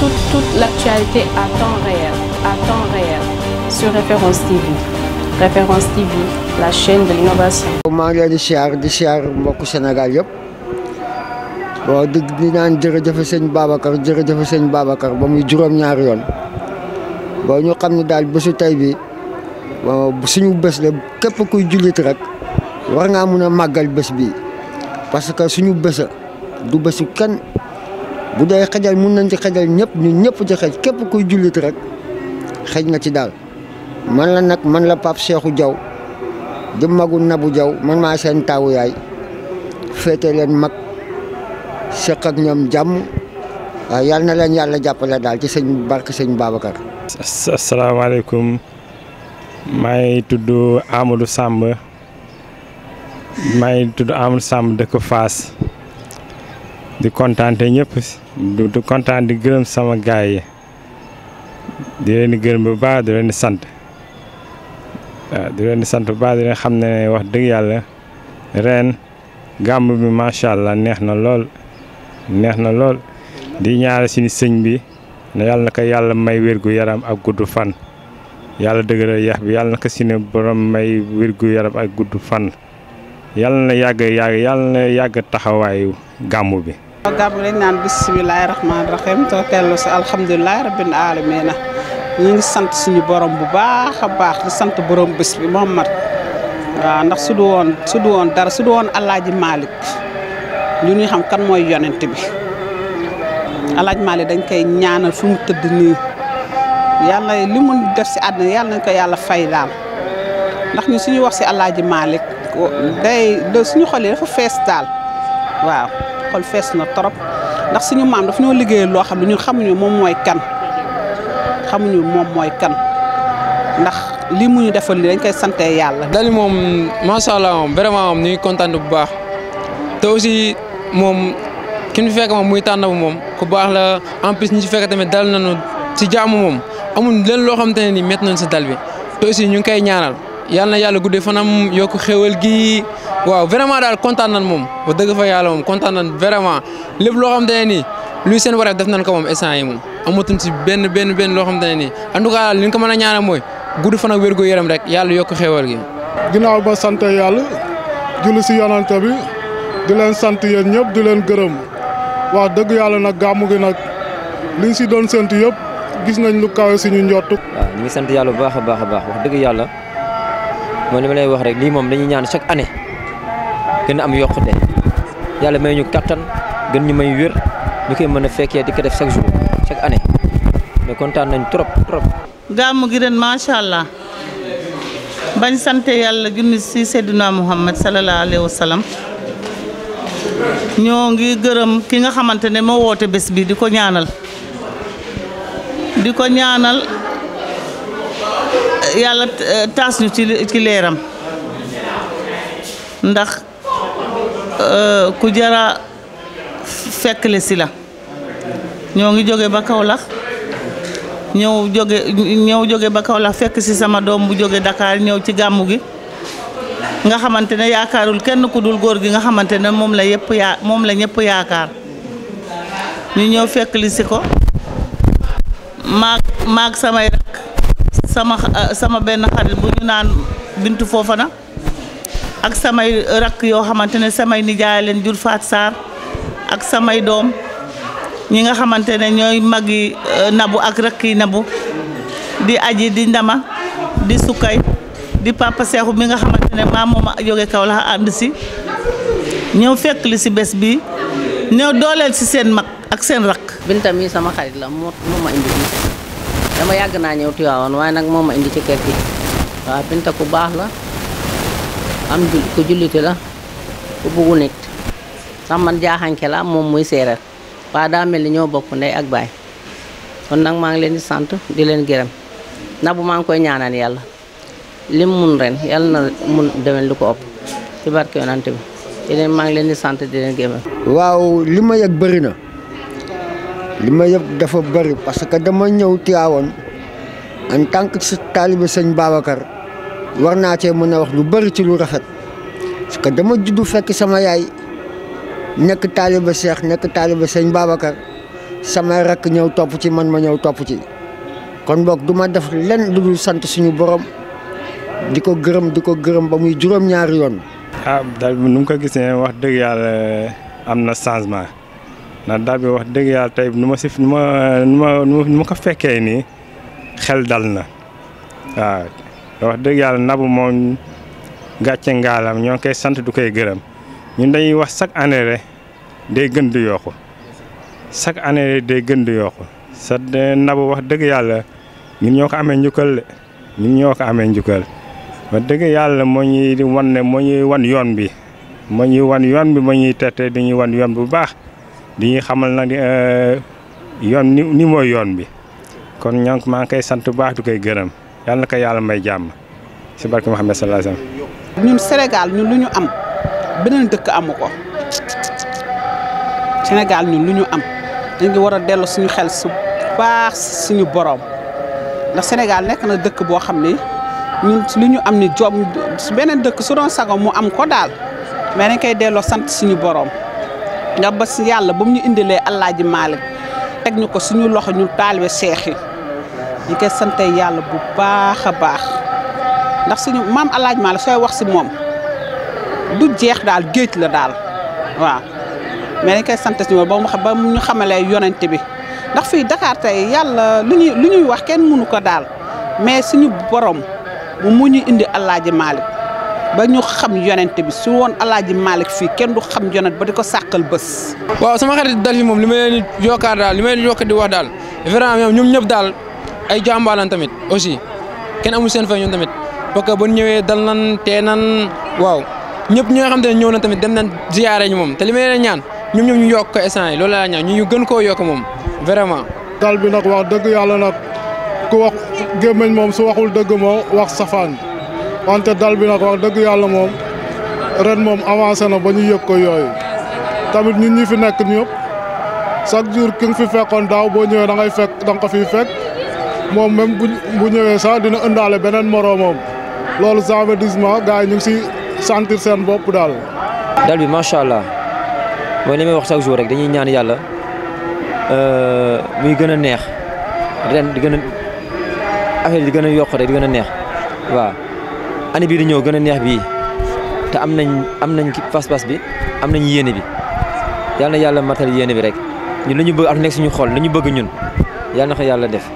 toute, toute l'actualité à temps réel, à temps réel, sur Référence TV. Référence TV, la chaîne de l'innovation. maa ngi leen di siyaar di siyaar mbokku Sénégal yëpp bon di di naan jërëjëf sëñ Babacar jërëjëf sëñ Babacar ba muy juróom-ñaari yoon bon ñu xam ne daal bésu tey bi suñu bés le képp kuy jullit rek war ngaa mun a màggal bés bi parce que suñu bésa du bésu kenn. bu dee xajal mun nañ ci xajal ñëpp ñun ñëpp ci xaj képp kuy jullit rek xëj nga ci dal man la nak man la pap Cheikhou Diaw di magu nabu Diaw man ma seen taw yaay féete len mak seq ak ñom jàmm waaw na len yalla jàppale dal ci bark babakar assalamu alaykum may tuddu Amadou samba may tuddu amadou samba de ko Fass. di kontaan te ñëpp di kontaan di gërëm sama gaay yi di leen di gërëm bu baax di leen sant di leen di sant bu baax di leen xam ne wax dëgg yàlla ren gàmb bi macha allah neex na lool neex na lool di ñaare suñu sëñ bi na yàlla na ko yàlla may wér gu yaram ak gudd fan. yàlla dëgëral yax bi yàlla na ko suñu borom may wér gu yaram ak gudd fan yàlla na yàgg yàgg yàlla na yàgg taxawaayu gàmb bi. waaw gàmmu lañ naan bisimilahi rahmaani rahim te tellu si alhamdulilahi rabbil alamina ñu ngi sant suñu borom bu baax a baax di sant borom bés bi moom mat waaw ndax su du woon su du woon dara su du woon alaaji Malick ñu ñuy xam kan mooy yonent bi alaaji Malick dañ koy ñaanal fu mu tëdd nii yàlla li mu def si àddina yàlla nañ ko yàlla fay daal ndax suñu wax si alaaji suñu xol yi fees daal waaw xol fess na torop ndax suñu maam daf ñoo liggéey lo xamni ñun xamnu mom moy kan xamnu mom moy kan ndax li mu ñu defal li dañ koy santé yalla dal mom ma sha allah mom vraiment mom ñuy ngi bu baax te aussi mom ki fi fekk mom muy tànn mom ku baax la en plus ñi ci fekk tamit dal nañu ci jaamu mom amul leen lo xamante ne ni met nañ si dal bi te aussi ñu ngi koy ñaanal yalla na yàlla guddee fanam yok xewal gi waaw vraiment daal kontaan nan moom ba dëgg fa yàlla moom kontaan nan vraiment lépp loo xam te ne nii luy seen wareef def nañ ko moom instant yi moom amatuñ si benn benn benn loo xam te ne nii en tout cas li ñu ko a ñaanal mooy gudd fan ak wérgu yaram rek yàlla yokk xéewal gi. ginnaaw ba sant yàlla julli si yonante bi di leen sant yéen ñëpp di leen gërëm wax dëgg yàlla nag gàmmu gi nag liñ si doon séntu yëpp gis nañ lu kawe suñu njottu. waaw ñu ngi sant yàlla bu baax a baax a baax wax dëgg yàlla moom li ma wax rek lii moom dañuy ñaan chaque année. gën a am yokkute yàlla may ñu kattan gën ñu may wér ñu koy mën fekkee di ko def chaque jour chaque année mais kontaan nañ trop trop. gàmmu gi ren macha allah bañ sant yàlla junni si Seydina Muhammad sallallahu alayhi wa ñoo ngi gërëm ki nga xamante ne moo woote bés bi di ko ñaanal di ko ñaanal yàlla eh, taas ñu ci leeram ndax Euh, ku jara fekkle si la ñoo ngi jóge ba Kaolack ñëw jóge ñëw jóge ba kaw lax fekk si sama doom bu jóge dakaar ñëw ci gàmmu gi nga xamante ne yaakaarul kenn ku dul góor gi nga xamante ne moom la yëpp yaa moom la ñëpp yaakaar ñu ñëw fekk li si ko maag maag samay rak sama benn xarit bu ñu naan Bintu Fofana ak samay rak yo, xamantene sama samay nijaay len jur fat sar ak samay dom ñi nga xamantene ñoy magi euh, nabu ak rak nabu di aji di ndama di sukay di papa cheikhou mi nga xamantene ma moma joge a jóge kaw la si ñew fekk li si bes bi ñew dolel ci sen mak ak sen rak Binta mi sama xarit la moo ma indi fii dama yag na ñew Tiwaawan way nak moma indi ci kër bi wa Binta baax la am ko jullite la ku buggu nit samman man jaaxanke la mom muy séeréer waa da mel ni ñoo bokk ndey ak bay kon nak ma ngi leen di sante di leen gërem na bu maa ngi koy ñaanal yalla lim mun ren yalla na mun demel lu ko op ci barke yonante bi di leen maa ngi leen di sante di leen gërem waaw Lima yak bari na lima yak dafa bari parce que dama ñew tiawon en tant que talibé seigne Babacar warna ci mëna wax lu bari ci lu rafet parce dama juddou fekk sama yaay nek taliba Cheikh nek taliba seigne babakar sama rak ñew top ci man ma ñew top ci kon bok duma def len lu sante suñu borom diko gërem diko gërem ba muy juroom ñaar yoon. ah dal bi num ko gisee wax deug yalla amna changement na dal bi wax deug yalla tay numa sif numa numa numa ko fekke ni xel dalna ah wax dëgg yàlla nabu moom gàcce ngaalam ñoo ngi koy sant du koy gërëm ñun dañuy wax chaque année rek day gën di yokku chaque année day gën di yokku sa nabu wax dëgg yàlla ñun ñoo ko amee njukkal ñun ñoo ko amee njukkal wax dëgg yàlla moo ñuy wan ne moo ñuy wan yoon bi moo ñuy wan yoon bi moo ñuy tette di wan yoon bu baax di ñuy xamal nag euh, yoon ni ni mooy yoon bi kon ñoo maa ngi koy sant bu baax du koy gërëm. yàlla na yàlla may jàmm si barke Muhammad sallallahu alayhi wasallam ñun Sénégal ñun lu ñu am beneen dëkk amu ko Sénégal ñun lu ñu am dañ ngi war a dellu suñu xel su baax suñu borom ndax Sénégal nekk na dëkk boo xam ne ñun lu ñu am ni jom su beneen dëkk su doon sago mu am ko daal mais dañ koy delloo sant suñu borom nga ba si yàlla ba mu ñu indilee Alaaji Maalik teg ñu ko suñu loxo ñu taalibe seex yi ñu koy sante yàlla bu baax a baax ndax suñu maam allaaj maa la sooy wax si moom du jeex daal géej la daal waaw mais dañ koy sant si moom ba mu xam ba ñu xamalee yonent bi ndax fii Dakar tey yàlla lu ñuy lu ñuy wax kenn mënu ko daal mais suñu borom mu mu ñu indi alaaji Malick ba ñu xam yonent bi su woon alaaji Malick fii kenn du xam yonent ba di ko sàkkal bés. waaw sama xarit dal fi moom li ma leen yokkaat daal li ma leen yokk di wax daal vraiment ñëpp daal. ay jàmbaalan tamit aussi kenn amul seen fay ñoom tamit parce que ba ñëwee dal nan te nan waaw ñëpp ñi nga xam te ne ñëw na tamit dem nañ ziyaare ñu moom te li may leen ñaan ñoom ñoom ñu yokk ko instant yi loolu laa ñaan ñu ñu gën koo yokk moom vraiment. dal bi nag wax dëgg yàlla nag ku wax gémmiñ moom su waxul dëgg moo wax safaan wante dal bi nag wax dëgg yàlla moom ren moom avancé na ba ñu yëg ko yooyu tamit ñun ñi fi nekk ñëpp chaque jour fi fekkoon daaw mom même bu ñëwé sax dina ëndaale beneen moroomam loolu ça veut dire ma ñu ci sentir sen bop dal dal bi machallah allah limay wax chaque jour rek dañuy ñaan yalla euh muy gëna neex ren di gëna affaire di gëna yok rek di gëna neex wa ani bi di ñëw gëna neex bi té am nañ am nañ ki pas-pas bi am nañ yene bi yalla na yàlla matal yene bi rek ñu lañu bëgg ak nek suñu xol lañu bëgg ñun yalla na ko yalla def.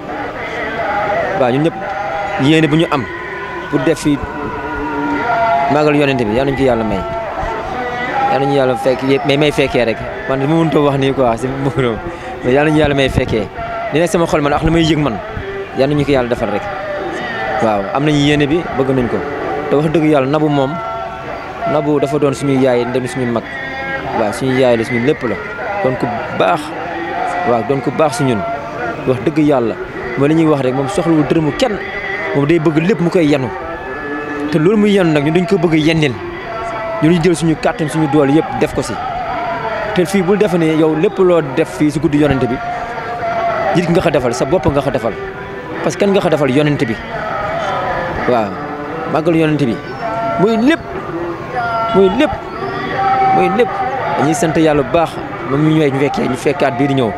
waa ñun ñëpp yéene bu ñu am pour def fi màggal yonent bi yal nañu ci yàlla may yal nañu yàlla fekk mais may fekkee rek man li ma mënut a wax nii quoi si mbuuram mais yal nañu yàlla ñu fekkee li nekk sama xol man ak la may yëg man yal nañu ko yàlla defal rek waaw am nañu yéene bi bëgg nañ ko te wax dëgg yàlla nabu moom nabu dafa doon suñu yaay ndem suñu mag waaw suñu yaay la suñu lépp la doon ku baax waaw doon ku baax si ñun wax dëgg yàlla. mooy li ñuy wax rek moom soxlawul dërëmu kenn moom day bëgg lépp mu koy yenu te loolu muy yenu nag ñu dañ ko bëgg yennil ñu ñu jël suñu kàttan suñu dool yëpp def ko si te fii bul defe ne yow lépp loo def fii si guddi yonent bi nit nga ko defal sa bopp nga ko defal parce que kan nga ko defal yonent bi waaw màggal yonent bi muy lépp muy lépp muy lépp dañuy sant yàlla bu baax moom ñu ñëwee ñu fekkee ñu fekkaat bii di ñëw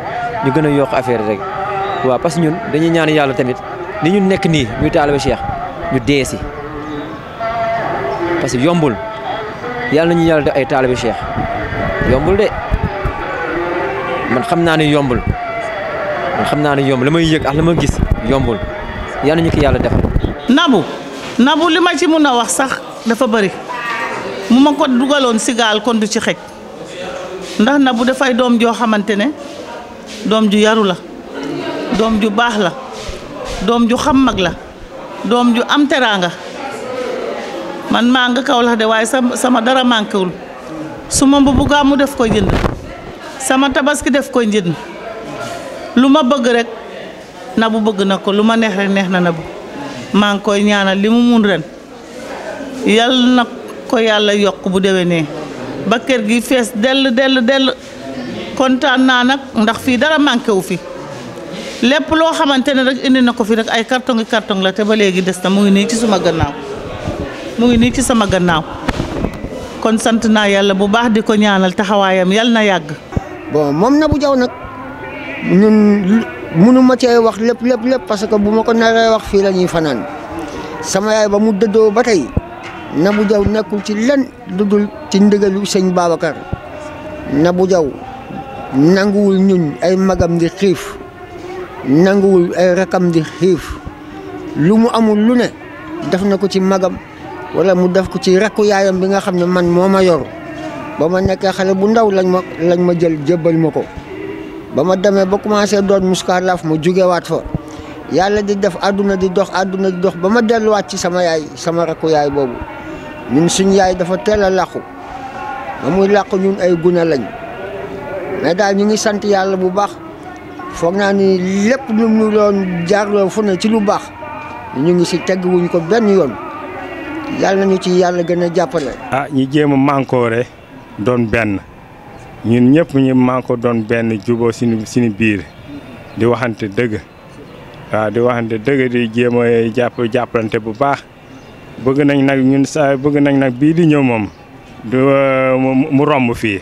ñu gën a yokk affaire rek wa parce ñun dañuy ñaan yalla tamit ni ñu nek ni muy taalibe cheikh ñu déssi parce yombul yalla ñu yalla def ay taalibe cheikh yombul de man xamna ni yombul man xamna ni yomb la ak la gis yombul yalla ñu ko yalla def nabu nabu lima ci mëna wax sax dafa bari mu mako dugalon dugaloon kon du ci xej ndax nabu da fay dom jo xamantene dom ju yarula doom ju bax la dom ju xam mag la dom ju am teranga man ma nga kaw la de way sama dara mankul suma ma mbubu mu def ko jënd sama tabaski def ko jënd luma bëgg rek bu bëgg na luma neex rek neex na nabu maa ngi koy ñaanal limu mun ren yal nak ko yalla yok bu ne ba kër gi fess del del del kontan na nak ndax fi dara wu fi lépp loo xamante ne rek indi na ko fi rek ay carton carton la te ba léegi des na mu ngi nii ci sama gannaaw mu ngi nii ci sama gannaaw kon sant naa yàlla bu baax di ko ñaanal taxawaayam yàlla na yàgg. bon moom na bu jaw nag ñun mënuma ma cee wax lépp lépp lépp parce que bu ma ko naree wax fii lañuy fanaan sama yaay ba mu dëddoo ba tey na Nabou Diaw nekkul ci lenn lu dul ci ndigalu sëñ na bu Diaw nanguwul ñun ay magam di xiif. nanguwul ay rakam di xiif lu mu amul lu ne def na ko ci magam walla mu def ko ci rakku bi nga xam ne man moo ma yor ba ma nekkee xale bu ndaw lañ ma lañ ma jël jébbal ma ko ba ma demee ba commencé doon muskaalaaf ma jugewaat fa yàlla di def àdduna di dox àdduna di dox ba ma delluwaat ci sama yaay sama rakku boobu ñun suñ yaay dafa teel a làqu muy làqu ñun ay gune lañ mais daal ñu ngi yàlla bu baax foog naa ni lépp lu ñu doon jaarloo fu ne ci lu baax ñu ngi si tegg wuñ ko benn yoon yàlla nañu ci yàlla gën jàppale. ah ñu jéem a mànkoore doon benn ñun ñëpp ñu mànkoo doon benn juboo suñu biir di waxante dëgg waaw ah, di waxante dëgg di jéem a jàpp jàppalante bu baax bëgg nañ nag ñun sa bëgg nañ nag bii di ñëw moom du mu romb fii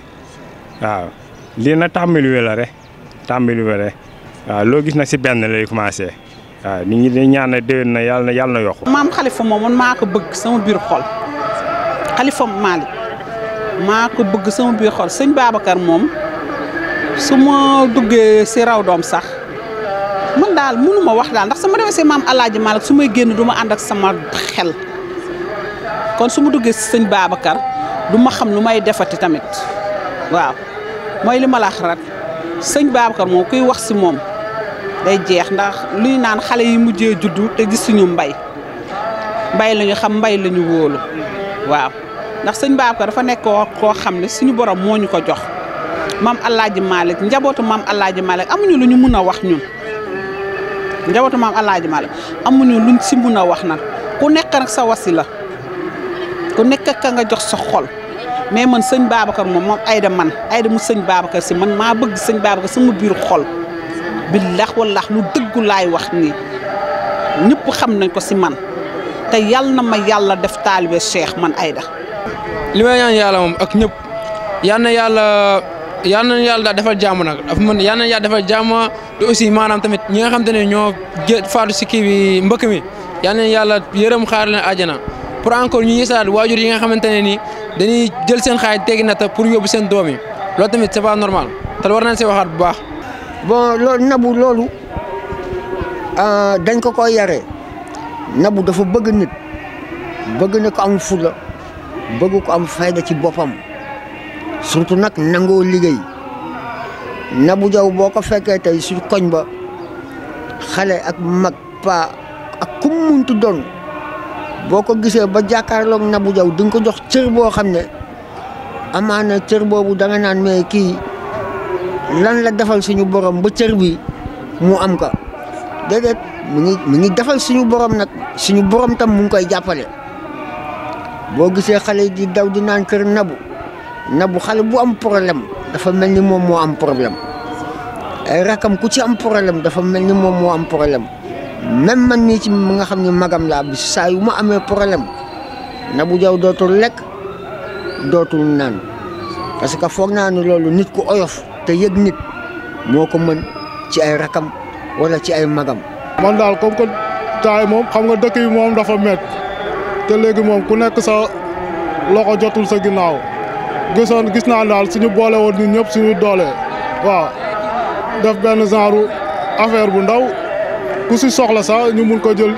waaw lii na tàmbali wi la waaw loo gis nag si benn lay commencé waaw nit ñi dañ ñaan na na yàlla na yàlla maam xalifa moom man maa ko bëgg sama biir xol xalifa Malick maa ko bëgg sama biir xol sëñ Babacar moom su ma duggee si doom sax man daal mënu wax daal ndax sama demee su may génn du ma ànd ak sama xel kon duggee si sëñ Babacar du ma xam lu may defati tamit waaw mooy li ma la wax rek sëñ Babacar moom kuy wax si moom. day jeex ndax luy naan xale yi mujjee juddu te gisuñu mbay mbay la ñu xam mbay la ñu wóolu waaw ndax sëñ Babacar dafa nekk koo xam ne suñu borom moo ñu ko jox mam Alaaji Malick njabootu maam Alaaji Malick amuñu lu ñu mun a wax ñun njabootu maam Alaaji Malick amuñu luñ si mun a wax nag ku nekk nag sa wasila ku nekk ka nga jox sa xol mais man sëñ Babacar moom ay Aida man ay Aida mu sëñ Babacar si man maa bëgg sëñ Babacar sama biir xol billax wallax lu dëggu laay wax nii ñëpp xam nañ ko si man te yàlla na ma yàlla def taalibe Cheikh man Aida. li may ñaan yàlla moom ak ñëpp yal na yàlla yal na yàlla daal defal jàmm nag dafa mën yal na yàlla defal jàmm te aussi maanaam tamit ñi nga xam ne ñoo faatu si kii bi mbëkk mi yal na yàlla yërëm xaar leen àjjana pour encore ñu yeesalaat waajur yi nga xamante ne nii dañuy jël seen xaay teggi na pour yóbbu seen doom yi loolu tamit c'est normal bon loolu nabu loolu euh, dañ ko ko yare nabu dafa bëgg nit bëgg na ko am fula bëgg ko am fayda ci boppam surtout nag nangoo liggéey nabu jaw boo ko fekkee tey su koñ ba xale ak mag pa ak kum doon boo ko gisee ba jàkkaarloog nabu jaw di ko jox cër boo xam ne amaana cër boobu da nga naan mais kii lan la defal suñu borom ba cër mu am ko dedet mu ngi mu ngi defal suñu borom nak suñu borom tam mu ngi jappalé bo gisé xalé di daw di nan kër nabu nabu xalé bu am problème dafa melni mom mo am problème ay rakam ku ci am problème dafa melni mom mo am problème même man ni ci nga xamni magam la bi sa yu ma amé problème nabu jaw dotul lek dotul nan parce que fogg na nit ku oyof te yëg nit moo ko mën ci ay rakam wala ci ay magam. man daal comme que taay moom xam nga dëkk yi moom dafa met te léegi moom ku nekk sa loxo jotul sa ginnaaw gisoon gis naa daal suñu boole woon ñun ñëpp suñu doole waaw def benn genre affaire bu ndaw ku si soxla sax ñu mun ko jël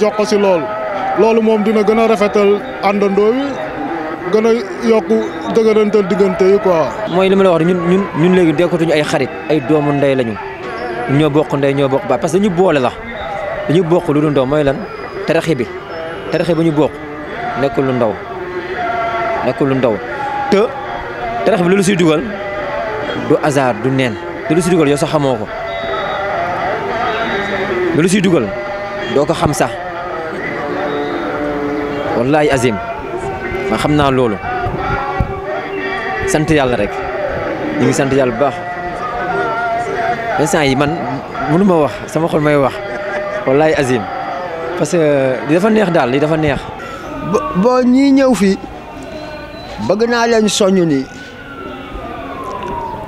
jox si loolu loolu moom dina gën a rafetal àndandoo wi gën a yokk dëgërantal diggante yi quoi. mooy li ma la wax ñun ñun ñun léegi dekkatuñu ay xarit ay doomu ndey lañu ñoo bokk ndey ñoo bokk baay parce que dañu boole la dañu bokk lu du ndaw mooy lan taraxi bi taraxi bi ñu bokk nekkul lu ndaw nekkul lu ndaw te taraxi bi lu siy dugal du hasard du neen te lu siy dugal yow sax xamoo ko lu siy dugal doo ko xam sax wallaahi azim. Ma xamna lolu sante yalla rek ñu ngi sante yalla bax yi man mënu ma wax sama xol may wax wallahi azim parce que li dafa neex dal li dafa neex bo ñi ñew fi bëgg na leen soñu ni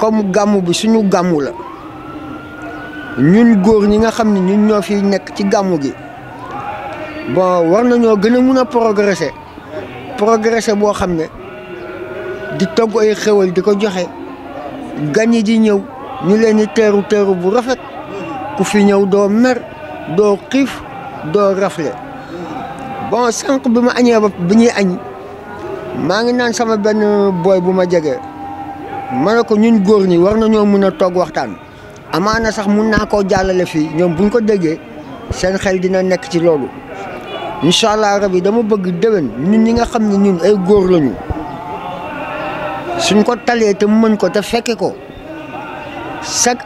comme gamu bi suñu gamu la ñun goor ñi nga xamni ñun ñofi fi nekk ci gamu gi bo war nañu gëna mëna progresser progressé bo xamné di togg ay xewal di joxé gagné gan yi di ñëw ñu leen ni téru téru bu rafet ku fi ñew do mer do xif do raflé bon sank bima ma ba bi ñuy añ ma ngi naan sama ben boy bu ma jégé mané ko ñun goor ñi war nañu mëna togg waxtaan amana sax mëna ko jallalé fi ñom buñ ko déggé seen xel dina nek ci lolu inshallah rabbi dama bëgg déwén ñun ñi nga xamni ñun ay goor lañu suñ ko talé té mën ko té féké ko sak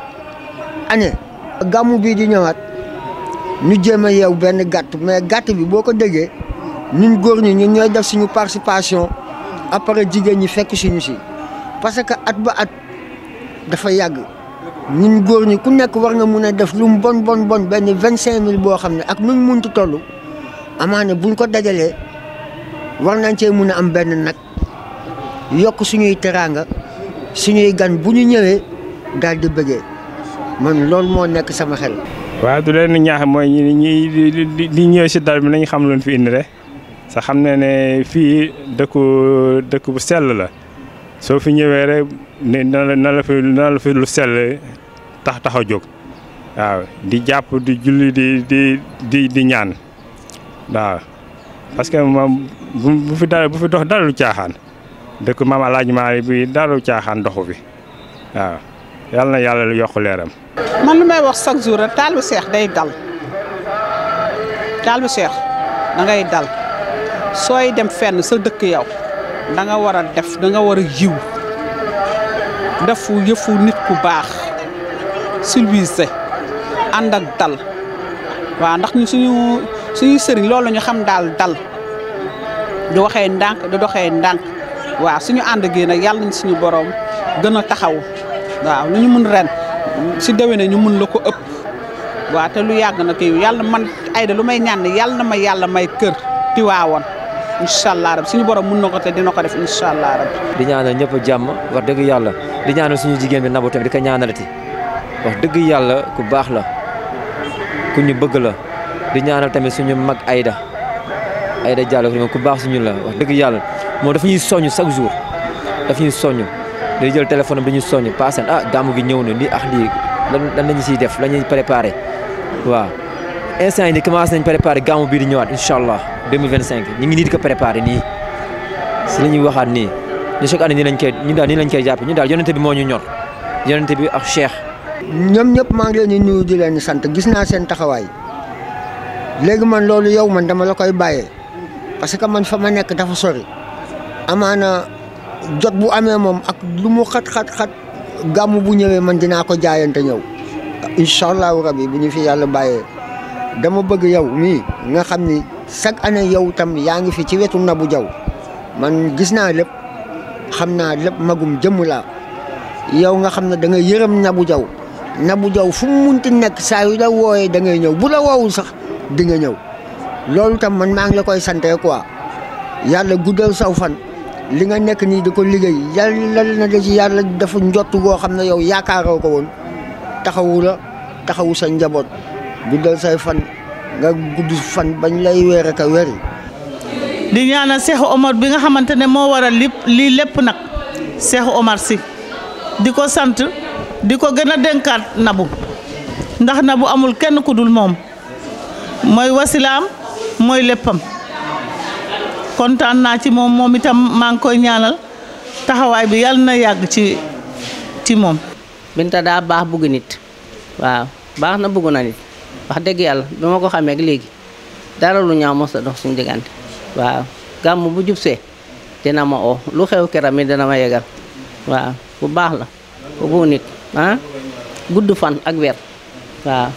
ané gamu bi di ñëwaat ñu jëma yow yeew benn gàtt mais gatt bi boko déggé ñun goor ñi ñun ñoy def suñu participation après jigéen ñi fekk suñu ci parce que at ba at dafa yagg ñun goor ñi ku nekk war nga mëna def lu bon bon bon benn 25000 bo xamné ak nuñ amana buñ ko dajalé war nañ ci mëna am ben nak yok suñuy teranga suñuy gan buñu ñëwé dal di bëggé man lool mo nekk sama xel. wa du leen ñaax moy ñi ñi di ñëw ci dal bi nañ xam luñ fi indi rek sa xam né ne fii dëkku bu sel la so fi ñëwé rek né na la fi na la fi lu sel tax taxo a waaw di japp di julli di di di di ñaan. waaw parce que moom bu fi dara bu fi dox dara lu caaxaan dëkk maam Alaaji Maalik bi dara lu caaxaan doxu bi waaw yàlla na yàlla yokk leeram. man lu may wax chaque jour rek taal bu seex day dal taal bu seex dangay dal sooy dem fenn sa dëkk yow danga war a def da war a yiw defu yëfu nit bu baax civilisé ànd ak dal waaw ndax ñu suñu. suñu sëriñ loolu la ñu xam daal dal du waxee ndànk du doxee ndànk waaw suñu ànd gi nag yàlla nañ suñu borom gën a taxaw waaw lu ñu mun ren si déwénee ñu mun la ko ëpp waaw te lu yàgg na kii yàlla man ay Aida lu may ñaan yàlla na ma yàlla may kër Tiwaawoon incha allah rab suñu borom mun na ko te dina ko def incha allah rab di ñaanal ñëpp jàmm wax dëgg yàlla di ñaanal suñu jigéen bi Nabou tamit di ko ñaanalati wax dëgg yàlla ku baax la ku ñu bëgg la. di ñaanal tamit suñu mag Aïda Aïda Diallo vraiment ku baax suñu la wax dëgg yàlla moo daf ñuy soññ chaque jour daf ñuy soññ day jël téléphone am dañuy soññ paasan a ah, gàmmu gi ñëw na lii ak lii lan lan lañu siy def lañuy préparé waaw instant yi nii commencé nañ préparé gàmmu bii di ñëwaat incha allah 2025 ñu ngi nii di ko préparé nii si la ñuy waxaat nii ñu chaque année nii lañ koy ñu daal nii lañ koy jàpp ñu daal yonente bi moo ñu ñor yonente bi ak cheikh ñoom ñëpp maa ngi leen di nuyu di sant gis naa seen taxawaay léegi man loolu yow man dama la koy bàyyee parce que man fa ma nekk dafa sori amaana jot bu amee moom ak lu mu xat-xat-xat gàmm bu ñëwee man dinaa ko jaayante ñëw incha allahu rabi bu ñu fi yàlla bàyyee dama bëgg yow mii nga xam ni chaque année yow tam yaa ngi fi ci wetu Nabou jaw man gis naa lépp xam naa lépp magum jëmm laa yow nga xam ne da nga yërëm Nabou Diaw bu jaw fu mu munti nekk saa yu la wooyee da ngay ñëw bu la woowul sax dinga nga ñëw loolu tam man maa ngi la koy sante quoi yàlla guddal saw fan li nga nekk nii di ko liggéey yàlla na da ci yàlla dafa njott boo xam ne yow yaakaaroo ko woon taxawula taxawu sa njaboot guddal say fan nga gudd fan bañ lay weer ak a weer di ñaanal Cheikh Omar bi nga xamante ne moo waral li lii lépp nag Cheikh Omar si di ko sant di ko gën a dénkaat nabu ndax nabu amul kenn ku dul moom mooy wasilaam mooy léppam kontaan naa ci moom moom itam maa ngi koy ñaanal taxawaay bi yàlla na yàgg ci ci moom. Binta daa baax bugg nit waaw baax na bugg na nit wax dëgg yàlla bi ma ko xamee léegi dara lu ñaaw mos a dox suñu diggante waaw gàmm bu jubsee dina ma oo lu xew keram yi dina ma yegal waaw bu baax la bu nit ah gudd fan ak weer waaw.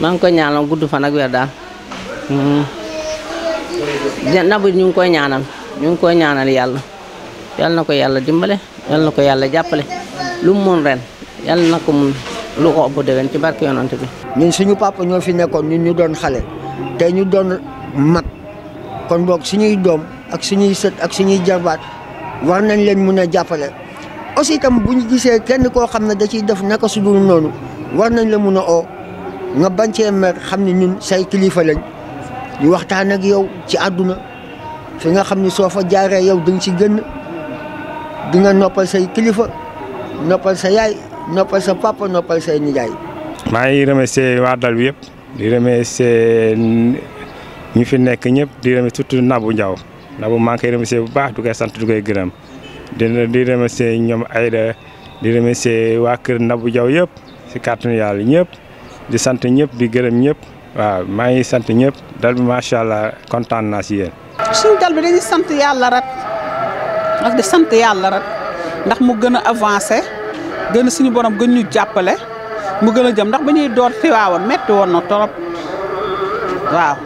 maa ngi koy ñaanal gudd fanag ak weer daal. Hmm. na ñu ngi ko ñaanal ñu ngi koy ñaanal yàlla yàlla na ko yàlla dimbale yàlla na ko yàlla jàppale lu mu mun ren yàlla na ko mun lu ko ëpp ci barke yonante bi. ñun suñu papa ñoo fi nekkoon ñun ñu doon xale te ñu doon mat kon boog suñuy doom ak suñuy sët ak ñuy jarbaat war nañ leen mun a jàppale. aussi itam bu ñu gisee kenn koo xam ne da ciy def naka su dul noonu war nañ la mun oo nga bañ cee xam ne ñun say kilifa lañ ñu waxtaan ak yow ci àdduna fi nga xam ni soo fa jaaree yow di nga ci gën di nga noppal say kilifa noppal sa yaay noppal sa papa noppal say nijaay. maa ngi remercier waa dal bi yëpp di remercier ñi fi nekk ñëpp di remercier surtout Nabou Ndiaw Nabou maa ngi koy remercier bu baax du sant du koy gërëm di di remercier ñoom Aïda di remercier waa kër Nabou Ndiaw yëpp si kàttanu yàlla ñëpp. di sant ñëpp di gërëm ñëpp waaw maa ngi sant ñëpp dal bi macha allah kontaan naa si yéen. suñu dal bi dañuy sant yàlla rek ak di sant yàlla rek ndax mu gën a avancé gën suñu borom gën ñu jàppale mu gën a jëm ndax ba ñuy door Tiwaawan metti woon na torop waaw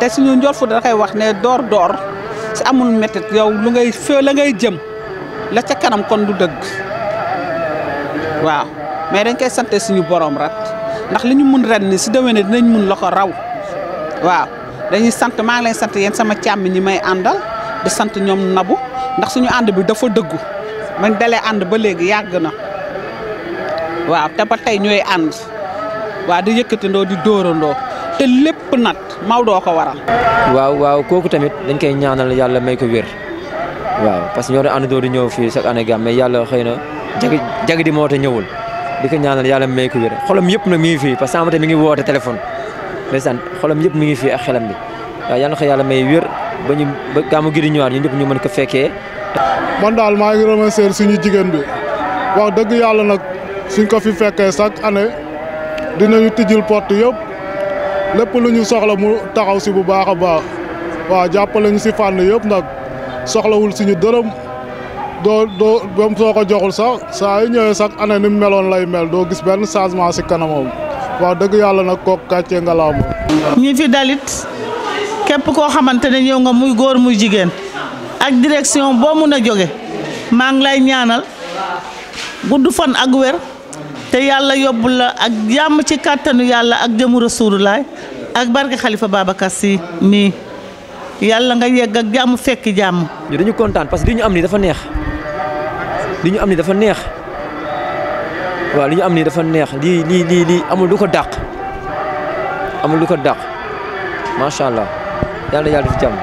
te suñu njool fu da koy wax ne door door si amul mettit yow lu ngay fee la ngay jëm la ca kanam kon du dëgg waaw mais dañ koy sante suñu borom rek. ndax li ñu mun ren ni si déwénee dinañ mun la ko raw waaw dañuy sant maa ngi lay sant yéen sama càmm ñi may àndal di sant ñoom nabu ndax suñu ànd bi dafa dëggu man dalee ànd ba léegi yàgg na waaw te ba tey ñooy ànd waaw di yëkkatindoo di dóorandoo te lépp nag maw doo ko waral. waaw waaw kooku tamit dañ koy ñaanal yàlla may ko wér waaw parce que ñoo doon ànd doo di ñëw fii chaque année gam mais yàlla xëy na jagi jagi di moo te ñëwul. di ko ñaanal yàlla may ko wér xolam yëpp nag mi ngi fii parce que Amady mi ngi woote téléphone ndeysaan xolam yëpp mi ngi fii ak xelam bi waaw yal na yàlla may wér ba ñu ba gàmmu gi di ñu ñëpp ñu mën ko fekkee. man daal maa ngi remercier suñu jigéen bi wax dëgg yàlla nag suñ ko fi fekkee chaque année dinañu tijjil porte yëpp lépp lu ñu soxla mu taxaw si bu baax a baax waaw jàppale ñu si fànn yëpp nag soxlawul suñu dërëm. doo doo même soo ko joxul sax saa yu ñëwee sax année ni meloon lay mel doo gis benn changement si kanamam wax dëgg yàlla nag kooku kàccee nga laa moom. ñi fi dalit képp koo xamante ne ñëw nga muy góor muy jigéen ak direction boo mën a jóge maa lay ñaanal gudd fan ak wer te yàlla yóbbu la ak jàmm ci kàttanu yàlla ak jëmu Rasulullah ak barke Xalifa Babacar Sy mii. yalla nga yegg ak jamm fekk jamm ñu dañu contane parce que li am ni dafa neex diñu am ni dafa neex wa liñu am ni dafa neex li li li li amul duko ko amul duko ko ma sha allah yalla yàlla def jàmm.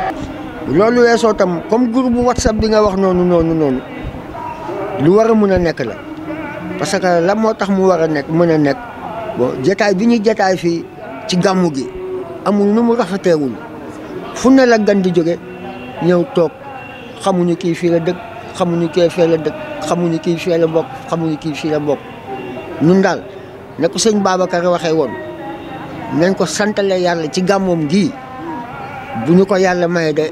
loolu weesoo tam comme groupe bu whatsapp bi nga wax nonu nonu nonu lu wara mëna la parce que la mu wara nekk jotaay biñu jotaay fi ci gamu gi amul numu fu ne la di jóge ñëw toog xamuñu kii fii la dëkk xamuñu kii fii la dëkk xamuñu kii fii la mbokk xamuñu kii fii la ñun daal ne ko sëñ Babacar waxee woon nañ ko santale yàlla ci gàmmoom gi bu ñu ko yàlla maye de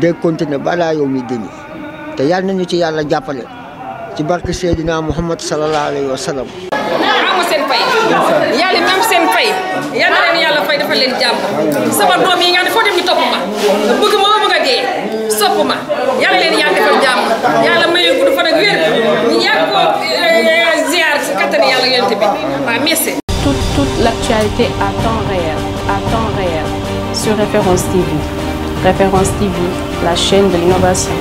de continuer balaa yow mi dini te yàlla nañu ci yàlla jàppale ci barke Seydina Muhammad sallallahu alayhi wa sallam seen fay yàlla même seen fay yal na leen fay dafa len jamm sama dom yi nga ne foo dem ñu topp ma bëgg ma bëgg a dee sopp ma yàlla leen yàlla defal jàmm yàlla may leen gudd fan ak wér ñu yàgg ko euh, ziar si kattan yàlla yonent bi waaw merci. toute toute l'actualité à temps réel à temps réel sur Référence TV Référence TV la chaîne de l'innovation